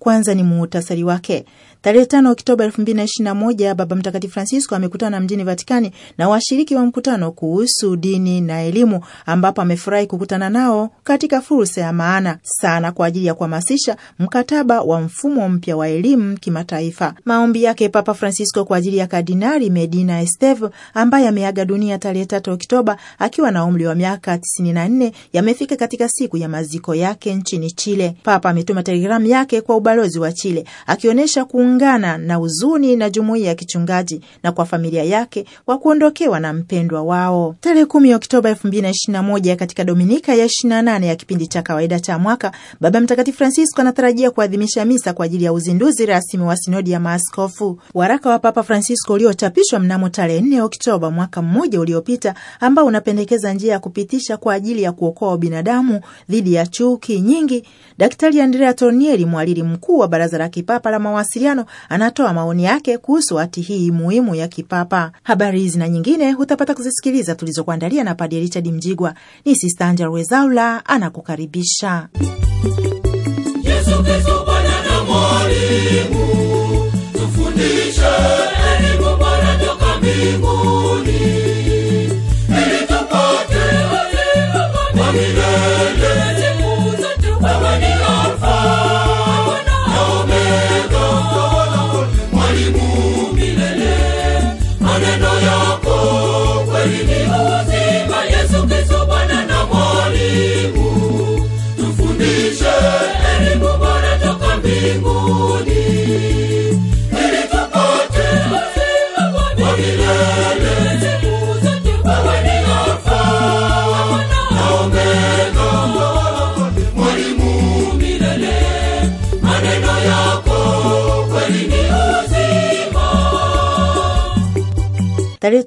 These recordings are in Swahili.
kwanza ni muhutasari wake. Tarehe tano Oktoba elfu mbili na ishirini na moja Baba Mtakatifu Francisco amekutana mjini Vatikani na washiriki wa mkutano kuhusu dini na elimu, ambapo amefurahi kukutana nao katika fursa ya maana sana kwa ajili ya kuhamasisha mkataba wa mfumo mpya wa elimu kimataifa. Maombi yake Papa Francisco kwa ajili ya Kardinali Medina Esteve ambaye ameaga dunia tarehe tatu Oktoba akiwa na umri wa miaka tisini na nne yamefika katika siku ya maziko yake nchini Chile. Papa ametuma telegramu yake kwa ubalozi wa Chile akionyesha kuungana na huzuni na jumuiya ya kichungaji na kwa familia yake kwa kuondokewa na mpendwa wao. Tarehe 10 Oktoba 2021 katika Dominika ya 28 ya kipindi cha kawaida cha mwaka, Baba Mtakatifu Francisco anatarajia kuadhimisha misa kwa ajili ya uzinduzi rasmi wa sinodi ya maaskofu. Waraka wa Papa Francisco uliochapishwa mnamo tarehe 4 Oktoba mwaka mmoja uliopita, ambao unapendekeza njia ya kupitisha kwa ajili ya kuokoa binadamu dhidi ya chuki nyingi. Daktari Andrea Tornielli, mhariri mkuu wa baraza la kipapa la mawasiliano anatoa maoni yake kuhusu hati hii muhimu ya kipapa. Habari hizi na nyingine hutapata kuzisikiliza tulizokuandalia na Padre Richard Mjigwa. Ni Sista Angela anakukaribisha. Mwalimu, tufundishe elimu bora toka mbinguni.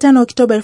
tano Oktoba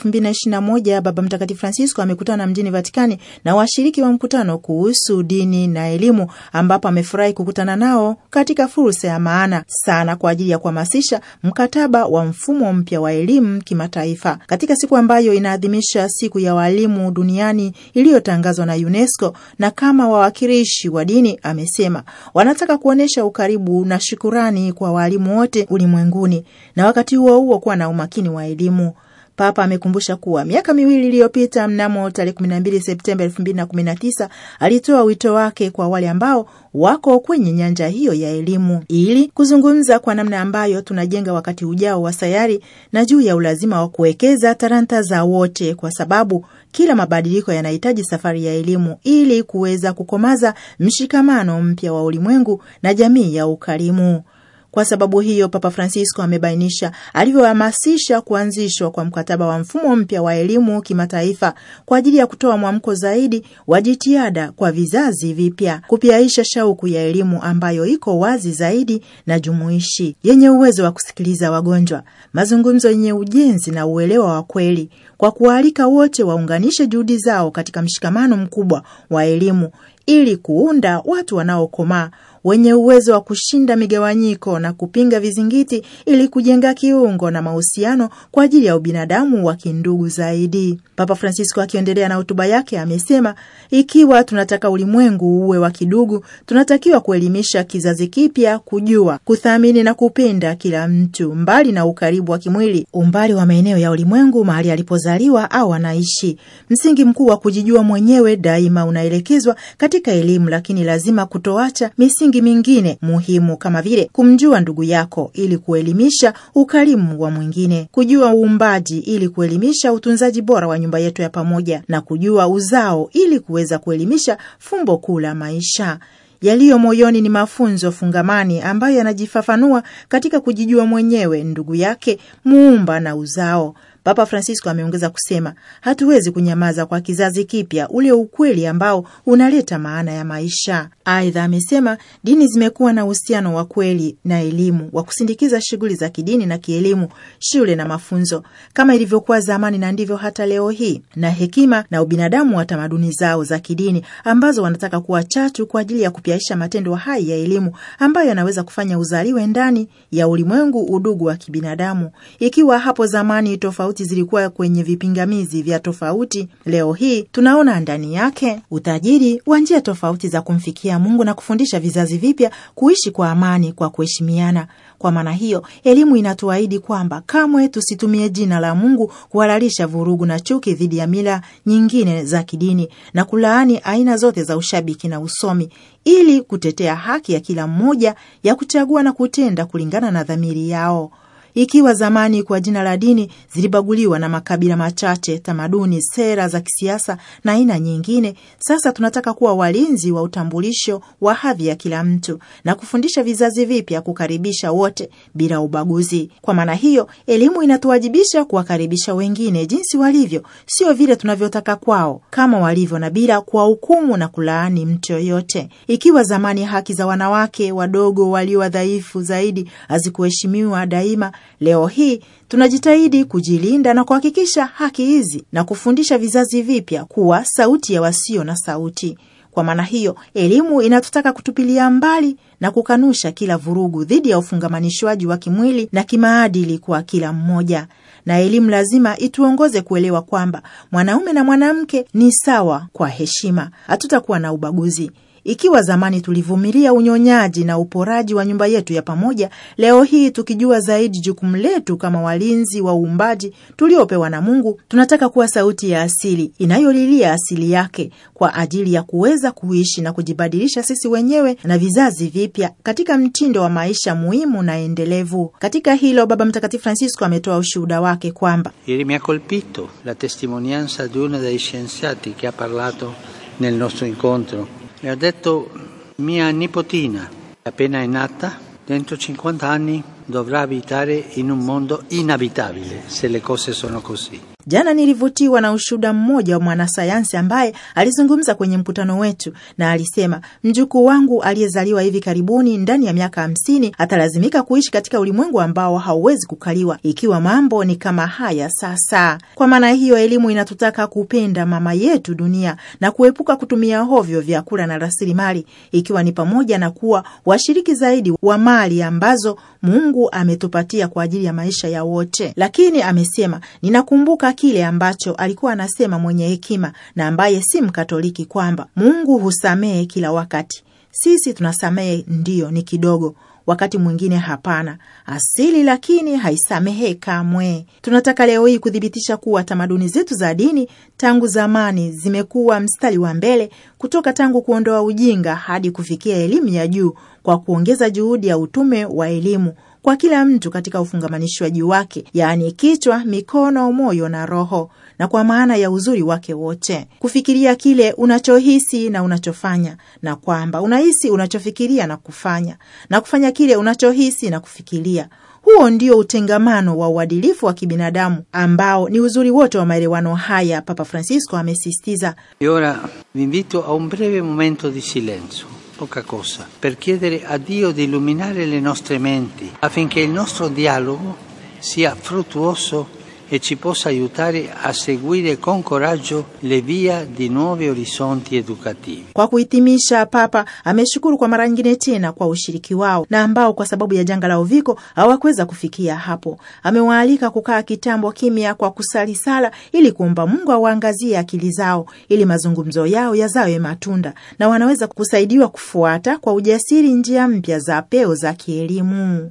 moja Baba Mtakatifu Francisco amekutana mjini Vatikani na washiriki wa mkutano kuhusu dini na elimu, ambapo amefurahi kukutana nao katika fursa ya maana sana kwa ajili ya kuhamasisha mkataba wa mfumo mpya wa elimu kimataifa katika siku ambayo inaadhimisha siku ya waalimu duniani iliyotangazwa na UNESCO. Na kama wawakilishi wa dini, amesema wanataka kuonyesha ukaribu na shukurani kwa waalimu wote ulimwenguni na wakati huo huo kuwa na umakini wa elimu. Papa amekumbusha kuwa miaka miwili iliyopita, mnamo tarehe 12 Septemba 2019 alitoa wito wake kwa wale ambao wako kwenye nyanja hiyo ya elimu ili kuzungumza kwa namna ambayo tunajenga wakati ujao wa sayari na juu ya ulazima wa kuwekeza talanta za wote, kwa sababu kila mabadiliko yanahitaji safari ya elimu ili kuweza kukomaza mshikamano mpya wa ulimwengu na jamii ya ukarimu. Kwa sababu hiyo, Papa Francisco amebainisha alivyohamasisha kuanzishwa kwa mkataba wa mfumo mpya wa elimu kimataifa kwa ajili ya kutoa mwamko zaidi wa jitihada kwa vizazi vipya, kupyaisha shauku ya elimu ambayo iko wazi zaidi na jumuishi, yenye uwezo wa kusikiliza wagonjwa, mazungumzo yenye ujenzi na uelewa wa kweli, kwa kuwaalika wote waunganishe juhudi zao katika mshikamano mkubwa wa elimu ili kuunda watu wanaokomaa wenye uwezo wa kushinda migawanyiko na kupinga vizingiti ili kujenga kiungo na mahusiano kwa ajili ya ubinadamu wa kindugu zaidi. Papa Francisco akiendelea na hotuba yake amesema, ikiwa tunataka ulimwengu uwe wa kidugu, tunatakiwa kuelimisha kizazi kipya kujua, kuthamini na kupenda kila mtu, mbali na ukaribu wa kimwili, umbali wa maeneo ya ulimwengu mahali alipozaliwa au anaishi. Msingi mkuu wa kujijua mwenyewe daima unaelekezwa katika elimu, lakini lazima kutoacha misingi misingi mingine muhimu kama vile kumjua ndugu yako ili kuelimisha ukarimu wa mwingine, kujua uumbaji ili kuelimisha utunzaji bora wa nyumba yetu ya pamoja, na kujua uzao ili kuweza kuelimisha fumbo kuu la maisha. Yaliyo moyoni ni mafunzo fungamani ambayo yanajifafanua katika kujijua mwenyewe, ndugu yake, muumba na uzao. Papa Francisco ameongeza kusema, hatuwezi kunyamaza kwa kizazi kipya ule ukweli ambao unaleta maana ya maisha. Aidha amesema dini zimekuwa na uhusiano wa kweli na elimu wa kusindikiza shughuli za kidini na kielimu, shule na mafunzo, kama ilivyokuwa zamani na ndivyo hata leo hii, na hekima na ubinadamu wa tamaduni zao za kidini ambazo wanataka kuwa chatu kwa ajili ya kupyaisha matendo hai ya elimu ambayo yanaweza kufanya uzaliwe ndani ya ulimwengu udugu wa kibinadamu, ikiwa hapo zamani tofauti wakati zilikuwa kwenye vipingamizi vya tofauti, leo hii tunaona ndani yake utajiri wa njia tofauti za kumfikia Mungu na kufundisha vizazi vipya kuishi kwa amani, kwa kuheshimiana. Kwa maana hiyo, elimu inatuahidi kwamba kamwe tusitumie jina la Mungu kuhalalisha vurugu na chuki dhidi ya mila nyingine za kidini na kulaani aina zote za ushabiki na usomi, ili kutetea haki ya kila mmoja ya kuchagua na kutenda kulingana na dhamiri yao ikiwa zamani kwa jina la dini zilibaguliwa na makabila machache, tamaduni, sera za kisiasa na aina nyingine, sasa tunataka kuwa walinzi wa utambulisho wa hadhi ya kila mtu na kufundisha vizazi vipya kukaribisha wote bila ubaguzi. Kwa maana hiyo, elimu inatuwajibisha kuwakaribisha wengine jinsi walivyo, sio vile tunavyotaka kwao, kama walivyo, na bila kuwahukumu na kulaani mtu yoyote. Ikiwa zamani haki za wanawake wadogo walio wadhaifu zaidi hazikuheshimiwa daima Leo hii tunajitahidi kujilinda na kuhakikisha haki hizi na kufundisha vizazi vipya kuwa sauti ya wasio na sauti. Kwa maana hiyo, elimu inatutaka kutupilia mbali na kukanusha kila vurugu dhidi ya ufungamanishwaji wa kimwili na kimaadili kwa kila mmoja, na elimu lazima ituongoze kuelewa kwamba mwanaume na mwanamke ni sawa kwa heshima. Hatutakuwa na ubaguzi. Ikiwa zamani tulivumilia unyonyaji na uporaji wa nyumba yetu ya pamoja, leo hii tukijua zaidi jukumu letu kama walinzi wa uumbaji tuliopewa na Mungu, tunataka kuwa sauti ya asili inayolilia asili yake kwa ajili ya kuweza kuishi na kujibadilisha sisi wenyewe na vizazi vipya katika mtindo wa maisha muhimu na endelevu. Katika hilo, Baba Mtakatifu Francisco ametoa ushuhuda wake kwamba ieri mi ha colpito la testimonianza di uno dei scienziati che ha parlato nel nostro incontro Le ha detto mia nipotina, appena è nata, dentro 50 anni dovrà abitare in un mondo inabitabile se le cose sono così. Jana nilivutiwa na ushuhuda mmoja wa mwanasayansi ambaye alizungumza kwenye mkutano wetu, na alisema mjukuu wangu aliyezaliwa hivi karibuni, ndani ya miaka hamsini atalazimika kuishi katika ulimwengu ambao hauwezi kukaliwa ikiwa mambo ni kama haya sasa. Kwa maana hiyo, elimu inatutaka kupenda mama yetu dunia na kuepuka kutumia hovyo vyakula na rasilimali, ikiwa ni pamoja na kuwa washiriki zaidi wa mali ambazo Mungu Mungu ametupatia kwa ajili ya maisha ya wote. Lakini amesema, ninakumbuka kile ambacho alikuwa anasema mwenye hekima na ambaye si Mkatoliki kwamba Mungu husamehe kila wakati. Sisi tunasamehe, ndiyo, ni kidogo wakati mwingine hapana, asili lakini haisamehe kamwe. Tunataka leo hii kuthibitisha kuwa tamaduni zetu za dini tangu zamani zimekuwa mstari wa mbele kutoka tangu kuondoa ujinga hadi kufikia elimu ya juu kwa kuongeza juhudi ya utume wa elimu kwa kila mtu katika ufungamanishwaji wake, yaani kichwa, mikono, moyo na roho, na kwa maana ya uzuri wake wote, kufikiria kile unachohisi na unachofanya, na kwamba unahisi unachofikiria na kufanya, na kufanya kile unachohisi na kufikiria. Huo ndio utengamano wa uadilifu wa kibinadamu ambao ni uzuri wote wa maelewano haya, Papa Francisco amesisitiza. E ora vi invito a un breve momento di silenzio poca cosa, per chiedere a Dio di illuminare le nostre menti affinché il nostro dialogo sia fruttuoso e ci possa aiutare a seguire con coraggio le via di nuovi orizzonti educativi. Kwa kuhitimisha, Papa ameshukuru kwa mara nyingine tena kwa ushiriki wao na ambao kwa sababu ya janga la uviko hawakuweza kufikia hapo. Amewaalika kukaa kitambo kimya kwa kusali sala ili kuomba Mungu awaangazie akili zao ili mazungumzo yao yazawe matunda na wanaweza kusaidiwa kufuata kwa ujasiri njia mpya za peo za kielimu.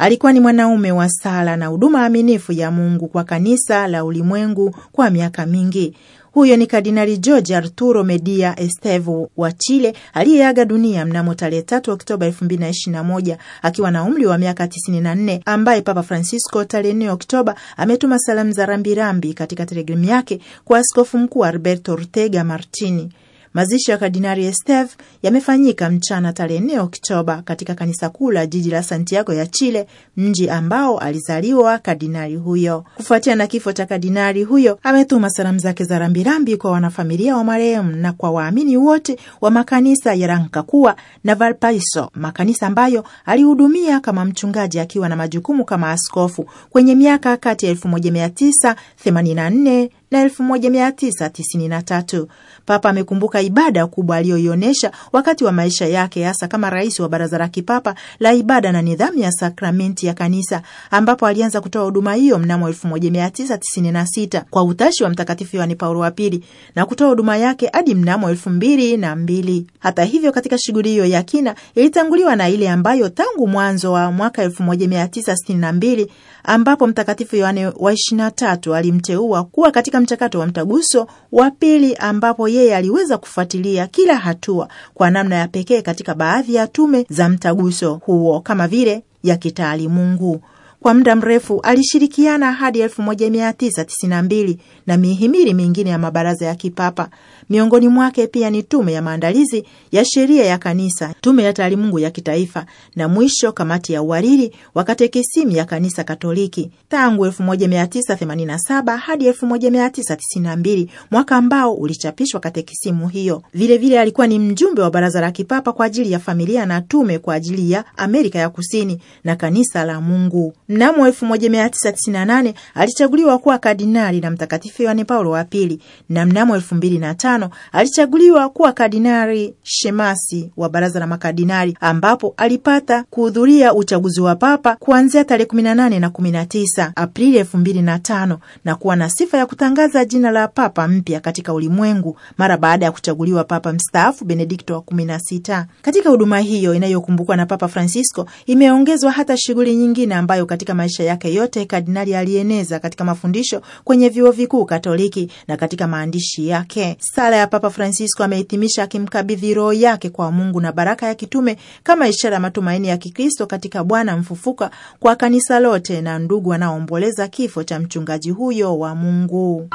Alikuwa ni mwanaume wa sala na huduma aminifu ya Mungu kwa kanisa la ulimwengu kwa miaka mingi. Huyo ni Kardinali George Arturo Media Estevo wa Chile aliyeaga dunia mnamo tarehe 3 Oktoba 2021 akiwa na umri wa miaka 94, ambaye Papa Francisco tarehe 4 Oktoba ametuma salamu za rambirambi katika telegramu yake kwa Askofu Mkuu Alberto Ortega Martini. Mazishi ya Kardinali Esteve yamefanyika mchana tarehe 4 Oktoba katika kanisa kuu la jiji la Santiago ya Chile, mji ambao alizaliwa kardinali huyo. Kufuatia na kifo cha kardinali huyo, ametuma salamu zake za rambirambi kwa wanafamilia wa marehemu na kwa waamini wote wa makanisa ya Rancagua na Valparaiso, makanisa ambayo alihudumia kama mchungaji akiwa na majukumu kama askofu kwenye miaka kati ya 1984 na 1993. Papa amekumbuka ibada kubwa aliyoionyesha wakati wa maisha yake, hasa kama rais wa Baraza la Kipapa la Ibada na Nidhamu ya Sakramenti ya Kanisa, ambapo alianza kutoa huduma hiyo mnamo 1996 kwa utashi wa Mtakatifu Yohane Paulo wa Pili na kutoa huduma yake hadi mnamo 2002. Hata hivyo, katika shughuli hiyo ya kina ilitanguliwa na ile ambayo tangu mwanzo wa mwaka 1962 ambapo Mtakatifu yoane wa 23 alimteua kuwa katika mchakato wa mtaguso wa pili, ambapo yeye aliweza kufuatilia kila hatua kwa namna ya pekee katika baadhi ya tume za mtaguso huo kama vile ya kitaalimungu. Kwa muda mrefu alishirikiana hadi 1992 na mihimili mingine ya mabaraza ya kipapa Miongoni mwake pia ni tume ya maandalizi ya sheria ya kanisa, tume ya taalimungu ya kitaifa, na mwisho kamati ya uhariri wa katekisimu ya kanisa Katoliki tangu 1987 hadi 1992, mwaka ambao ulichapishwa katekisimu hiyo. Vilevile vile alikuwa ni mjumbe wa baraza la kipapa kwa ajili ya familia na tume kwa ajili ya Amerika ya Kusini na kanisa la Mungu. Mnamo 1998 alichaguliwa kuwa kardinali na Mtakatifu Yohane Paulo wa Pili, na mnamo 2005 tano alichaguliwa kuwa kardinari shemasi wa baraza la makardinari, ambapo alipata kuhudhuria uchaguzi wa papa kuanzia tarehe 18 na 19 Aprili 2005 na kuwa na sifa ya kutangaza jina la papa mpya katika ulimwengu mara baada ya kuchaguliwa papa mstaafu Benedikto wa 16. Katika huduma hiyo inayokumbukwa na Papa Francisco imeongezwa hata shughuli nyingine ambayo katika maisha yake yote kardinali alieneza katika mafundisho kwenye vyuo vikuu Katoliki na katika maandishi yake. Sala ya Papa Francisco amehitimisha akimkabidhi roho yake kwa Mungu na baraka ya kitume kama ishara ya matumaini ya Kikristo katika Bwana mfufuka kwa kanisa lote na ndugu wanaoomboleza kifo cha mchungaji huyo wa Mungu.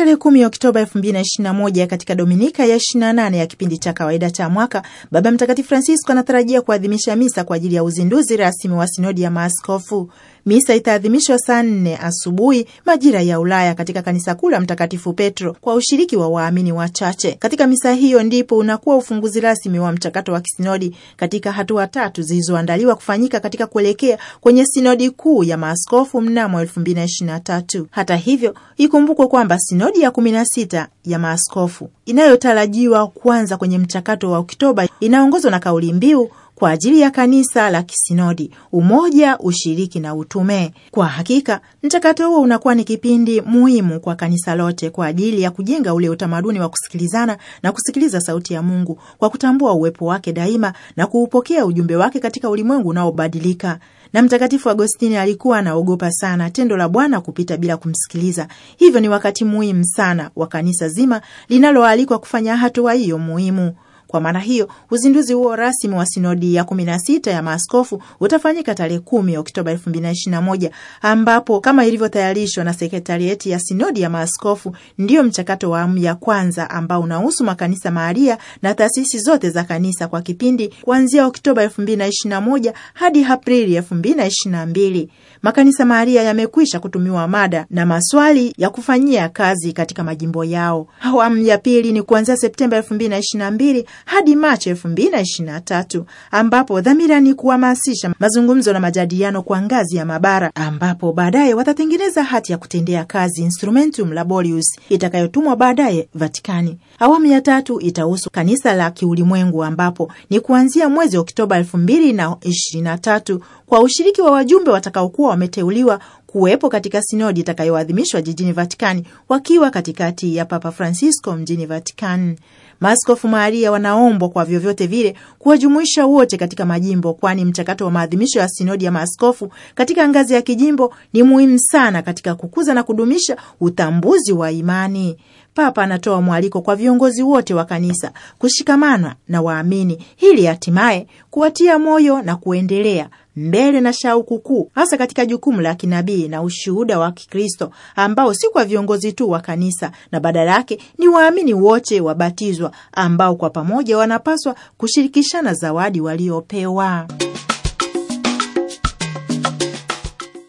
Tarehe kumi Oktoba elfu mbili na ishirini na moja katika dominika ya ishirini na nane ya kipindi cha kawaida cha mwaka, Baba Mtakatifu Francisco anatarajia kuadhimisha misa kwa ajili ya uzinduzi rasmi wa sinodi ya maaskofu. Misa itaadhimishwa saa nne asubuhi majira ya Ulaya katika kanisa kuu la Mtakatifu Petro kwa ushiriki wa waamini wachache. Katika misa hiyo ndipo unakuwa ufunguzi rasmi wa mchakato wa kisinodi katika hatua tatu zilizoandaliwa kufanyika katika kuelekea kwenye sinodi kuu ya maaskofu mnamo elfu mbili na ishirini na tatu. Hata hivyo, ikumbukwe kwamba sinodi Sinodi ya 16 ya maaskofu inayotarajiwa kuanza kwenye mchakato wa Oktoba inaongozwa na kauli mbiu kwa ajili ya kanisa la kisinodi: umoja, ushiriki na utume. Kwa hakika mchakato huo unakuwa ni kipindi muhimu kwa kanisa lote kwa ajili ya kujenga ule utamaduni wa kusikilizana na kusikiliza sauti ya Mungu kwa kutambua uwepo wake daima na kuupokea ujumbe wake katika ulimwengu unaobadilika na Mtakatifu Agostini alikuwa anaogopa sana tendo la Bwana kupita bila kumsikiliza. Hivyo ni wakati muhimu sana wa kanisa zima linaloalikwa kufanya hatua hiyo muhimu. Kwa maana hiyo uzinduzi huo rasmi wa sinodi ya 16 ya maaskofu utafanyika tarehe 10 Oktoba 2021 ambapo kama ilivyotayarishwa na sekretarieti ya sinodi ya maaskofu ndiyo mchakato wa awamu ya kwanza ambao unahusu makanisa mahalia na taasisi zote za kanisa kwa kipindi kuanzia Oktoba 2021 hadi Aprili 2022 makanisa maharia yamekwisha kutumiwa mada na maswali ya kufanyia kazi katika majimbo yao. Awamu ya pili ni kuanzia Septemba 2022 hadi Machi 2023, ambapo dhamira ni kuhamasisha mazungumzo na majadiliano kwa ngazi ya mabara, ambapo baadaye watatengeneza hati ya kutendea kazi instrumentum laborius itakayotumwa baadaye Vatikani. Awamu ya tatu itahusu kanisa la kiulimwengu ambapo ni kuanzia mwezi Oktoba elfu mbili na ishirini na tatu kwa ushiriki wa wajumbe watakaokuwa wameteuliwa kuwepo katika sinodi itakayoadhimishwa jijini Vatikani wakiwa katikati ya Papa Francisco mjini Vatikani. maskofu maharia wanaombwa kwa vyovyote vile kuwajumuisha wote katika majimbo, kwani mchakato wa maadhimisho ya sinodi ya maaskofu katika ngazi ya kijimbo ni muhimu sana katika kukuza na kudumisha utambuzi wa imani. Papa anatoa mwaliko kwa viongozi wote wa kanisa kushikamana na waamini ili hatimaye kuwatia moyo na kuendelea mbele na shauku kuu, hasa katika jukumu la kinabii na ushuhuda wa Kikristo ambao si kwa viongozi tu wa kanisa, na badala yake ni waamini wote wabatizwa ambao kwa pamoja wanapaswa kushirikishana zawadi waliopewa.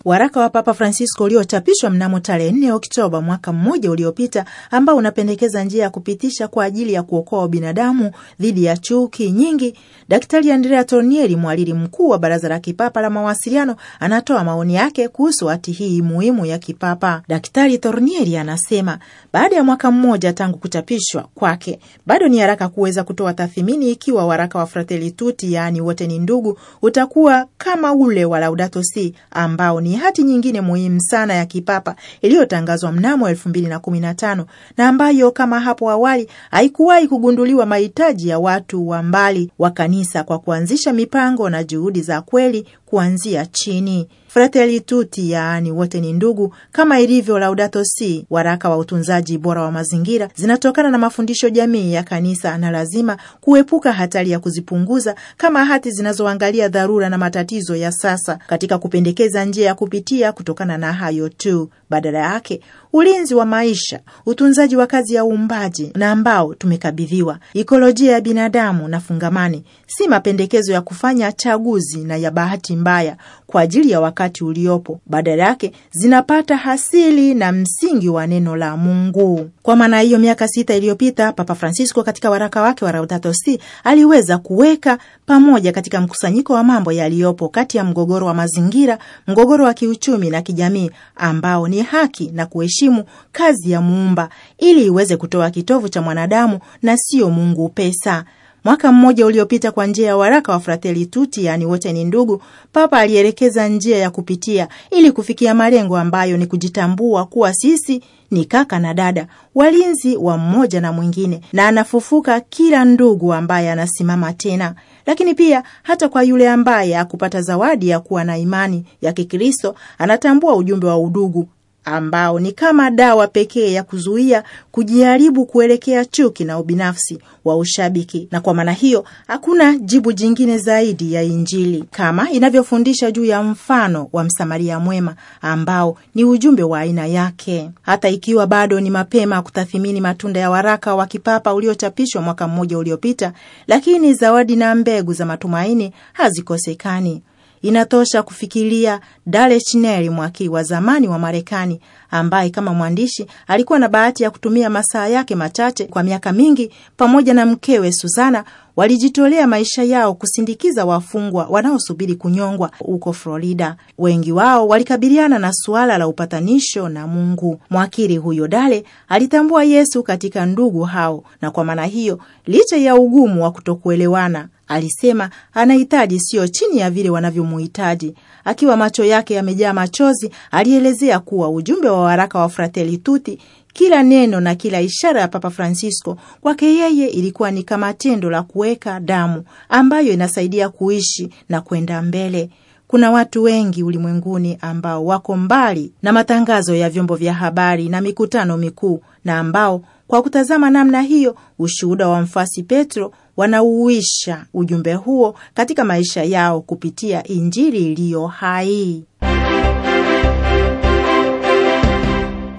Waraka wa Papa Francisco uliochapishwa mnamo tarehe 4 Oktoba mwaka mmoja uliopita, ambao unapendekeza njia ya kupitisha kwa ajili ya kuokoa binadamu dhidi ya chuki nyingi. Daktari Andrea Tornielli, mhariri mkuu wa Baraza la Kipapa la Mawasiliano, anatoa maoni yake kuhusu hati hii muhimu ya kipapa. Daktari Tornieli anasema baada ya mwaka mmoja tangu kuchapishwa kwake, bado ni haraka kuweza kutoa tathmini ikiwa waraka wa Fratelli Tutti, yaani wote ni ndugu, utakuwa kama ule wa Laudato Si ambao ni ni hati nyingine muhimu sana ya kipapa iliyotangazwa mnamo elfu mbili na kumi na tano na ambayo kama hapo awali haikuwahi kugunduliwa mahitaji ya watu wa mbali wa kanisa kwa kuanzisha mipango na juhudi za kweli kuanzia chini. Fratelli Tutti, yaani wote ni ndugu, kama ilivyo Laudato Si, waraka wa utunzaji bora wa mazingira, zinatokana na mafundisho jamii ya Kanisa na lazima kuepuka hatari ya kuzipunguza, kama hati zinazoangalia dharura na matatizo ya sasa katika kupendekeza njia ya kupitia kutokana na hayo tu. Badala yake, ulinzi wa maisha, utunzaji wa kazi ya uumbaji na ambao tumekabidhiwa, ikolojia ya binadamu na fungamani, si mapendekezo ya kufanya chaguzi na ya bahati mbaya kwa ajili ya wakati uliopo, badala yake zinapata hasili na msingi wa neno la Mungu. Kwa maana hiyo, miaka sita iliyopita Papa Francisco katika waraka wake wa Laudato Si aliweza kuweka pamoja katika mkusanyiko wa mambo yaliyopo kati ya mgogoro wa mazingira, mgogoro wa kiuchumi na kijamii, ambao ni haki na kuheshimu kazi ya Muumba ili iweze kutoa kitovu cha mwanadamu na siyo Mungu pesa. Mwaka mmoja uliopita, kwa njia ya waraka wa frateli tuti yaani wote ni ndugu, Papa alielekeza njia ya kupitia ili kufikia malengo ambayo ni kujitambua kuwa sisi ni kaka na dada, walinzi wa mmoja na mwingine, na anafufuka kila ndugu ambaye anasimama tena, lakini pia hata kwa yule ambaye hakupata zawadi ya kuwa na imani ya Kikristo, anatambua ujumbe wa udugu ambao ni kama dawa pekee ya kuzuia kujiharibu kuelekea chuki na ubinafsi wa ushabiki, na kwa maana hiyo hakuna jibu jingine zaidi ya Injili kama inavyofundisha juu ya mfano wa Msamaria mwema ambao ni ujumbe wa aina yake. Hata ikiwa bado ni mapema kutathimini matunda ya waraka wa kipapa uliochapishwa mwaka mmoja uliopita, lakini zawadi na mbegu za matumaini hazikosekani. Inatosha kufikiria dale Nelly, mwakili wa zamani wa Marekani ambaye kama mwandishi alikuwa na bahati ya kutumia masaa yake machache kwa miaka mingi, pamoja na mkewe Susana walijitolea maisha yao kusindikiza wafungwa wanaosubiri kunyongwa huko Florida. Wengi wao walikabiliana na suala la upatanisho na Mungu. Mwakili huyo Dale alitambua Yesu katika ndugu hao, na kwa maana hiyo, licha ya ugumu wa kutokuelewana Alisema anahitaji sio chini ya vile wanavyomuhitaji. Akiwa macho yake yamejaa machozi, alielezea kuwa ujumbe wa waraka wa Fratelli Tutti, kila neno na kila ishara ya Papa Francisco kwake yeye ilikuwa ni kama tendo la kuweka damu ambayo inasaidia kuishi na kwenda mbele. Kuna watu wengi ulimwenguni ambao wako mbali na matangazo ya vyombo vya habari na mikutano mikuu na ambao kwa kutazama namna hiyo ushuhuda wa mfasi Petro wanauisha ujumbe huo katika maisha yao kupitia Injili iliyo hai.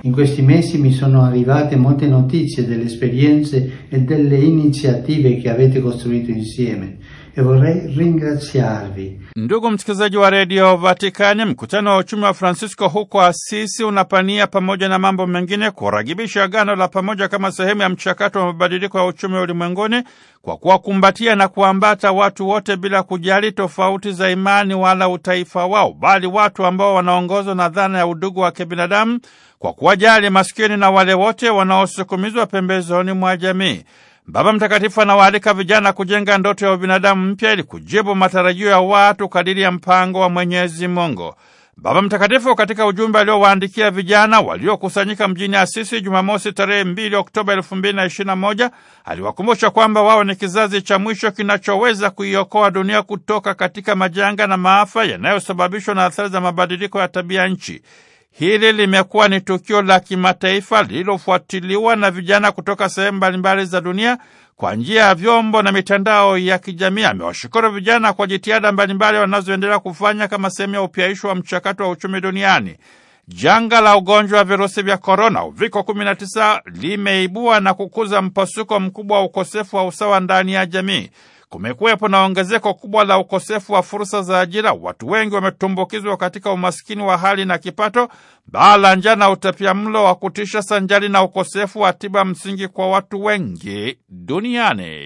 In questi mesi mi sono arrivate molte notizie delle esperienze e delle iniziative che avete costruito insieme. e vorrei ringraziarvi. Ndugu msikilizaji wa redio Vatikani, mkutano wa uchumi wa Francisco huko Asisi unapania pamoja na mambo mengine kuragibisha agano la pamoja kama sehemu ya mchakato wa mabadiliko ya uchumi ulimwenguni kwa kuwakumbatia na kuambata watu wote bila kujali tofauti za imani wala utaifa wao, bali watu ambao wanaongozwa na dhana ya udugu wa kibinadamu kwa kuwajali maskini na wale wote wanaosukumizwa pembezoni mwa jamii. Baba Mtakatifu anawaalika vijana kujenga ndoto ya ubinadamu mpya ili kujibu matarajio ya watu kadiri ya mpango wa Mwenyezi Mungu. Baba Mtakatifu katika ujumbe aliowaandikia vijana waliokusanyika mjini Asisi Jumamosi tarehe 2 Oktoba 2021 aliwakumbusha kwamba wao ni kizazi cha mwisho kinachoweza kuiokoa dunia kutoka katika majanga na maafa yanayosababishwa na athari za mabadiliko ya tabia nchi. Hili limekuwa ni tukio la kimataifa lililofuatiliwa na vijana kutoka sehemu mbalimbali za dunia kwa njia ya vyombo na mitandao ya kijamii. Amewashukuru vijana kwa jitihada mbalimbali wanazoendelea kufanya kama sehemu ya upyaisho wa mchakato wa uchumi duniani. Janga la ugonjwa wa virusi vya korona uviko 19 limeibua na kukuza mpasuko mkubwa wa ukosefu wa usawa ndani ya jamii. Kumekuwepo na ongezeko kubwa la ukosefu wa fursa za ajira. Watu wengi wametumbukizwa katika umaskini wa hali na kipato, baa la njaa na utapiamlo wa kutisha, sanjari na ukosefu wa tiba msingi kwa watu wengi duniani.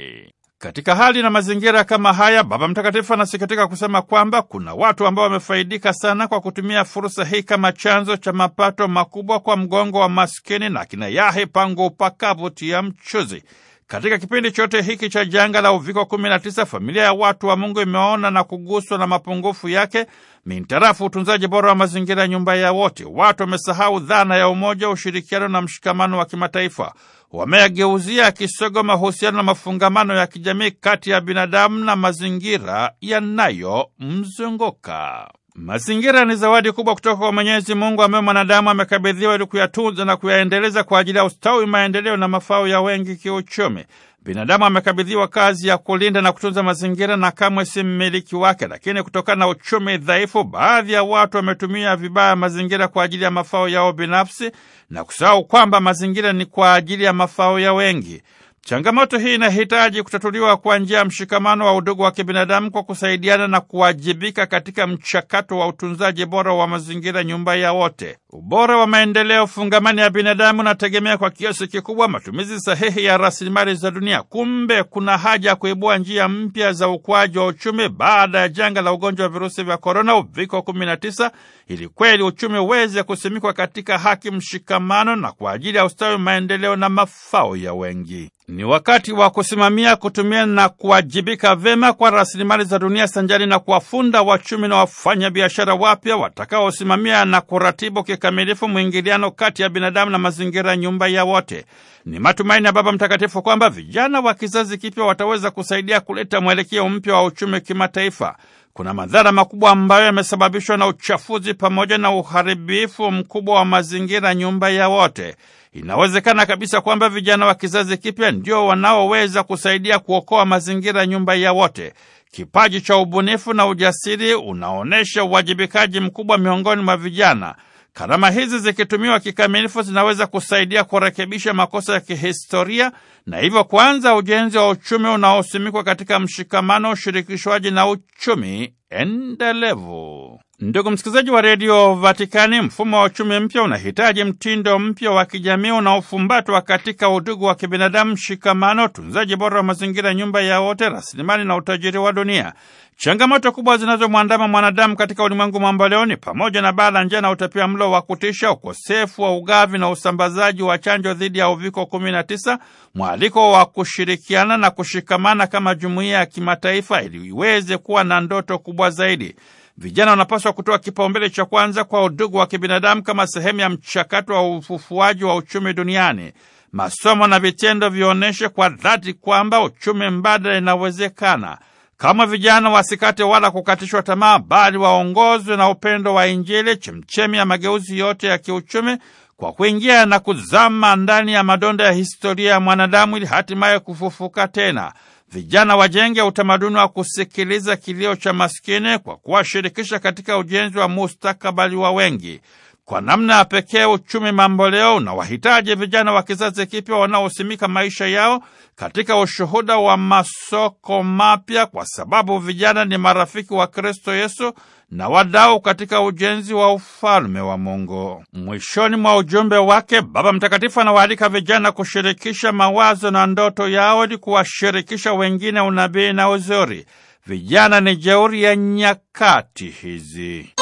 Katika hali na mazingira kama haya, Baba Mtakatifu anasikitika kusema kwamba kuna watu ambao wamefaidika sana kwa kutumia fursa hii kama chanzo cha mapato makubwa kwa mgongo wa maskini, na kinayahi pangu upakavu tia mchuzi. Katika kipindi chote hiki cha janga la uviko 19, familia ya watu wa Mungu imeona na kuguswa na mapungufu yake mintarafu utunzaji bora wa mazingira ya nyumba ya wote. Watu wamesahau dhana ya umoja, ushirikiano na mshikamano wa kimataifa, wameyageuzia kisogo mahusiano na mafungamano ya kijamii kati ya binadamu na mazingira yanayomzunguka. Mazingira ni zawadi kubwa kutoka kwa Mwenyezi Mungu ambayo mwanadamu amekabidhiwa ili kuyatunza na kuyaendeleza kwa ajili ya ustawi, maendeleo na mafao ya wengi kiuchumi. Binadamu amekabidhiwa kazi ya kulinda na kutunza mazingira na kamwe si mmiliki wake, lakini kutokana na uchumi dhaifu, baadhi ya watu wametumia vibaya mazingira kwa ajili ya mafao yao binafsi na kusahau kwamba mazingira ni kwa ajili ya mafao ya wengi. Changamoto hii inahitaji kutatuliwa kwa njia ya mshikamano wa udugu wa kibinadamu kwa kusaidiana na kuwajibika katika mchakato wa utunzaji bora wa mazingira, nyumba ya wote. Ubora wa maendeleo fungamani ya binadamu unategemea kwa kiasi kikubwa matumizi sahihi ya rasilimali za dunia. Kumbe kuna haja ya kuibua njia mpya za ukuaji wa uchumi baada ya janga la ugonjwa wa virusi vya korona, uviko 19, ili kweli uchumi uweze kusimikwa katika haki, mshikamano na kwa ajili ya ustawi, maendeleo na mafao ya wengi. Ni wakati wa kusimamia, kutumia na kuwajibika vema kwa rasilimali za dunia sanjari na kuwafunda wachumi na wafanyabiashara wapya watakaosimamia na kuratibu kikamilifu mwingiliano kati ya binadamu na mazingira, nyumba ya wote. Ni matumaini ya Baba Mtakatifu kwamba vijana wa kizazi kipya wataweza kusaidia kuleta mwelekeo mpya wa uchumi kimataifa. Kuna madhara makubwa ambayo yamesababishwa na uchafuzi pamoja na uharibifu mkubwa wa mazingira, nyumba ya wote. Inawezekana kabisa kwamba vijana wa kizazi kipya ndio wanaoweza kusaidia kuokoa mazingira, nyumba ya wote. Kipaji cha ubunifu na ujasiri unaonyesha uwajibikaji mkubwa miongoni mwa vijana. Karama hizi zikitumiwa kikamilifu zinaweza kusaidia kurekebisha makosa ya kihistoria na hivyo kuanza ujenzi wa uchumi unaosimikwa katika mshikamano, ushirikishwaji na uchumi endelevu. Ndugu msikilizaji wa redio Vatikani, mfumo wa uchumi mpya unahitaji mtindo mpya wa kijamii unaofumbatwa katika udugu wa kibinadamu, shikamano, tunzaji bora wa mazingira, nyumba ya wote, rasilimali na utajiri wa dunia. Changamoto kubwa zinazomwandama mwanadamu katika ulimwengu mamboleo ni pamoja na baa la njaa na utapia mlo wa kutisha, ukosefu wa ugavi na usambazaji wa chanjo dhidi ya uviko 19, mwaliko wa kushirikiana na kushikamana kama jumuiya ya kimataifa ili iweze kuwa na ndoto kubwa zaidi. Vijana wanapaswa kutoa kipaumbele cha kwanza kwa udugu wa kibinadamu kama sehemu ya mchakato wa ufufuaji wa uchumi duniani. Masomo na vitendo vionyeshe kwa dhati kwamba uchumi mbadala inawezekana. Kama vijana wasikate wala kukatishwa tamaa, bali waongozwe na upendo wa Injili, chemchemi ya mageuzi yote ya kiuchumi, kwa kuingia na kuzama ndani ya madonda ya historia ya mwanadamu ili hatimaye kufufuka tena. Vijana wajenge utamaduni wa kusikiliza kilio cha maskini kwa kuwashirikisha katika ujenzi wa mustakabali wa wengi. Kwa namna ya pekee uchumi mambo leo unawahitaji vijana wa kizazi kipya wanaosimika maisha yao katika ushuhuda wa masoko mapya, kwa sababu vijana ni marafiki wa Kristo Yesu na wadau katika ujenzi wa ufalme wa Mungu. Mwishoni mwa ujumbe wake, Baba Mtakatifu anawaalika vijana kushirikisha mawazo na ndoto yao ili kuwashirikisha wengine unabii na uzuri. Vijana ni jeuri ya nyakati hizi.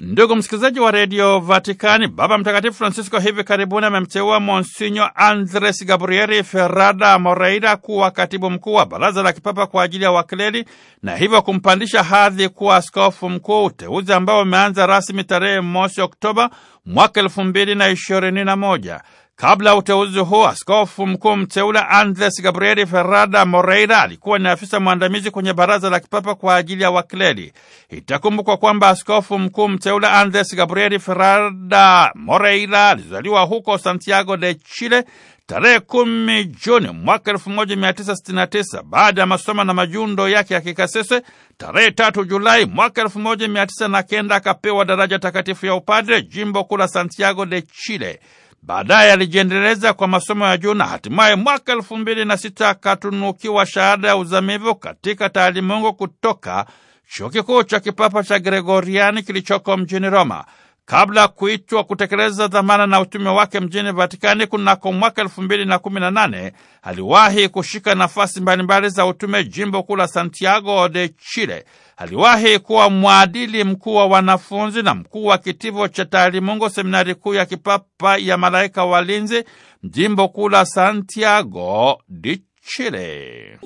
Ndugu msikilizaji wa redio Vatikani, Baba Mtakatifu Francisco hivi karibuni amemteua Monsinyo Andres Gabrieli Ferrada Moreira kuwa katibu mkuu wa Baraza la Kipapa kwa ajili ya Wakleri na hivyo kumpandisha hadhi kuwa askofu mkuu, uteuzi ambao umeanza rasmi tarehe mosi Oktoba mwaka elfu mbili na ishirini na moja. Kabla ya uteuzi huo, askofu mkuu mteule Andres Gabrieli Ferrada Moreira alikuwa ni afisa mwandamizi kwenye baraza la kipapa kwa ajili ya wakleli. Itakumbukwa kwamba askofu mkuu mteule Andres Gabrieli Ferrada Moreira alizaliwa huko Santiago de Chile tarehe 1 Juni mwaka 1969 baada ya masomo na majundo yake ya kikasese. Tarehe 3 Julai mwaka 1909 akapewa daraja takatifu ya upadre jimbo kuu la Santiago de Chile. Baadaye alijiendeleza kwa masomo ya juu na hatimaye mwaka elfu mbili na sita akatunukiwa shahada ya uzamivu katika taalimungu kutoka chuo kikuu cha kipapa cha Gregoriani kilichoko mjini Roma kabla ya kuitwa kutekeleza dhamana na utume wake mjini Vatikani kunako mwaka elfu mbili na kumi na nane aliwahi kushika nafasi mbalimbali za utume jimbo kuu la Santiago de Chile. Aliwahi kuwa mwadili mkuu wa wanafunzi na mkuu wa kitivo cha taalimungu seminari kuu ya kipapa ya malaika walinzi jimbo kuu la Santiago de Chile.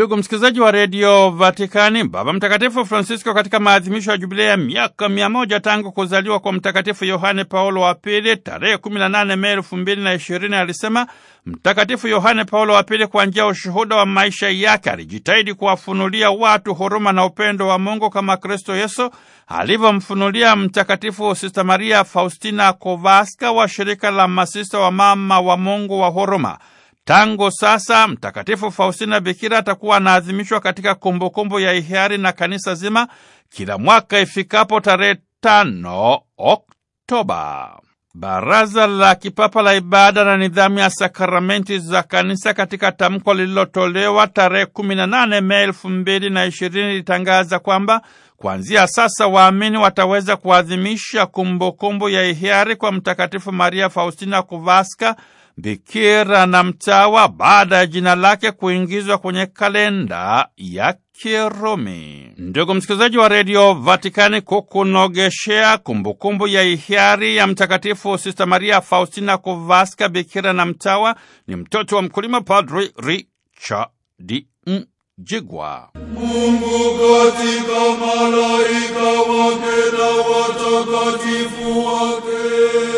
Ndugu msikilizaji wa redio Vatikani, Baba Mtakatifu Francisco katika maadhimisho ya jubilei ya miaka mia moja tangu kuzaliwa kwa Mtakatifu Yohane Paulo wa Pili tarehe 18 Mei elfu mbili na ishirini alisema Mtakatifu Yohane Paulo wa Pili kwa njia ya ushuhuda wa maisha yake alijitahidi kuwafunulia watu huruma na upendo wa Mungu kama Kristo Yesu alivyomfunulia Mtakatifu Sista Maria Faustina Kowalska wa shirika la masista wa mama wa Mungu wa huruma. Tangu sasa Mtakatifu Faustina Bikira atakuwa anaadhimishwa katika kumbukumbu kumbu ya ihari na kanisa zima kila mwaka ifikapo tarehe tano Oktoba. Baraza la Kipapa la Ibada na Nidhamu ya Sakramenti za Kanisa, katika tamko lililotolewa tarehe 18 Mei 2020 litangaza kwamba kuanzia sasa waamini wataweza kuadhimisha kumbukumbu ya hiari kwa Mtakatifu Maria Faustina Kowalska Bikira na mtawa baada ya jina lake kuingizwa kwenye kalenda ya Kirumi. Ndugu msikilizaji wa redio Vatikani, kukunogeshea kumbukumbu ya ihiari ya Mtakatifu Sista Maria Faustina Kowalska, bikira na mtawa, ni mtoto wa mkulima, Padri Richard Mjigwa. Mungu katika malaika wake na watakatifu wake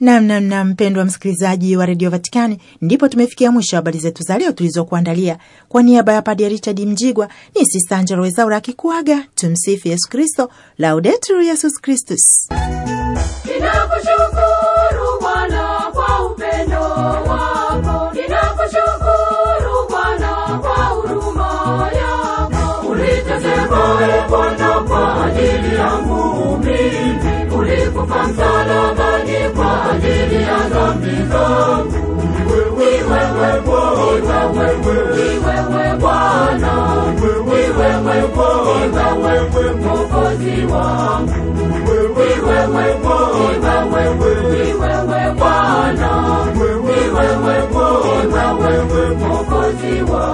namnamna na mpendwa msikilizaji wa redio Vatikani, ndipo tumefikia mwisho habari zetu za leo tulizokuandalia. Kwa, niaba ya Padre Richard Mjigwa ni Sista Angela Wezaura akikuaga. Tumsifu Yesu Kristo, Laudetur Yesus Kristus. kwa ajili yangu mimi, ulikufa adịghị azọ mbido iwewegbo iwewegbo ọnọ iwewegbo iwewegbo mokoziwa iwewegbo iwewegbo iwewegbo ọnọ iwewegbo iwewegbo mokoziwa